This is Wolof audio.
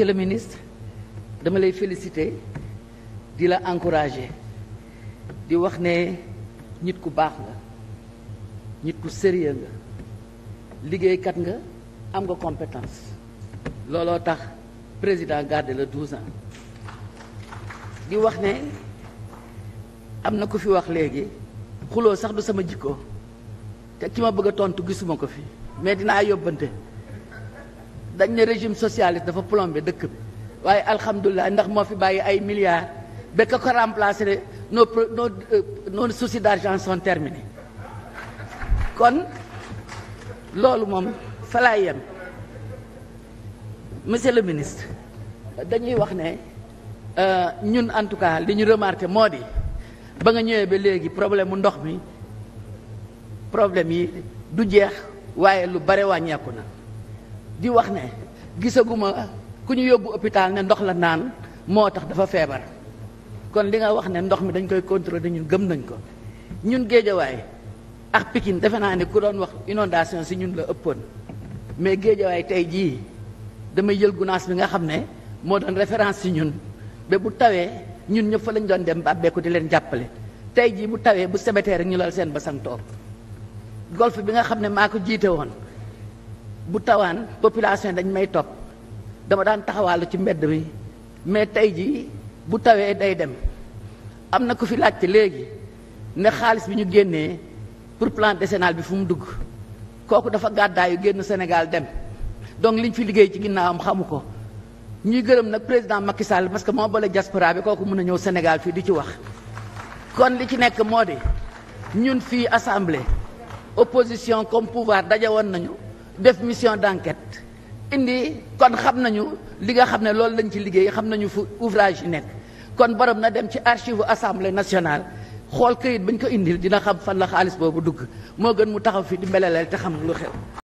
monsieur le ministre dama lay féliciter di la encourager di wax ne nit ku baax nga nit ku sérieux nga liggéeykat nga am nga compétence looloo tax président garde la 12 ans di wax ne am na ku fi wax léegi xuloo sax du sama jikko te ki ma bëgg tontu gisuma ko fi mais dinaa yóbbante dañ ne régime socialiste dafa plombé dëkk bi waaye alhamdulilah ndax moo fi bàyyi ay milliards ba ka ko remplacer nos nos euh, nos soucis d'argent sont terminés kon loolu moom fa laay yem monsieur le ministre dañuy wax ne euh, ñun en tout cas li ñu remarqué moo di ba nga ñëwee ba léegi problème mu ndox mi problème yi du jeex waaye lu bare wàññeeku na. di wax ne gisaguma ku ñu yóbbu hôpital ne ndox la naan moo tax dafa feebar kon li nga wax ne ndox mi dañ koy contrôler ñun gëm nañ ko ñun géejawaay ak Pikine defe naa ne ku doon wax inondation si ñun la ëppoon mais géejawaay tey jii damay jël gunaas bi nga xam ne moo doon référence si ñun ba bu tawee ñun ñëpp fa lañ doon dem bàbbeeku di leen jàppale tey jii bu tawee bu sebetee rek ñu lal seen basang toog golf bi nga xam ne maa ko jiite woon bu tawaan population dañ may topp dama daan taxawaalu ci mbedd mi mais tey jii bu tawee day dem am na ku fi laajte léegi ne xaalis bi ñu génnee pour plan décennal bi fu mu dugg kooku dafa gàddaayu génn Sénégal dem donc liñ fi liggéey ci ginnaawam xamu ko ñuy gërëm nag président Macky Sall parce que moo bale diaspora bi kooku mën a ñëw Sénégal fii di ci wax kon li ci nekk moo di ñun fii assamble opposition comme pouvoir daje woon nañu def mission d'enquête indi kon xam nañu li nga xam ne loolu lañ ci liggéey xam nañu fu ouvrage yi nekk kon borom na dem ci archive assemblée nationale xool këyit bañ ko indil dina xam fan la xaalis boobu dugg moo gën mu taxaw fi di mbeleleel te xam lu xew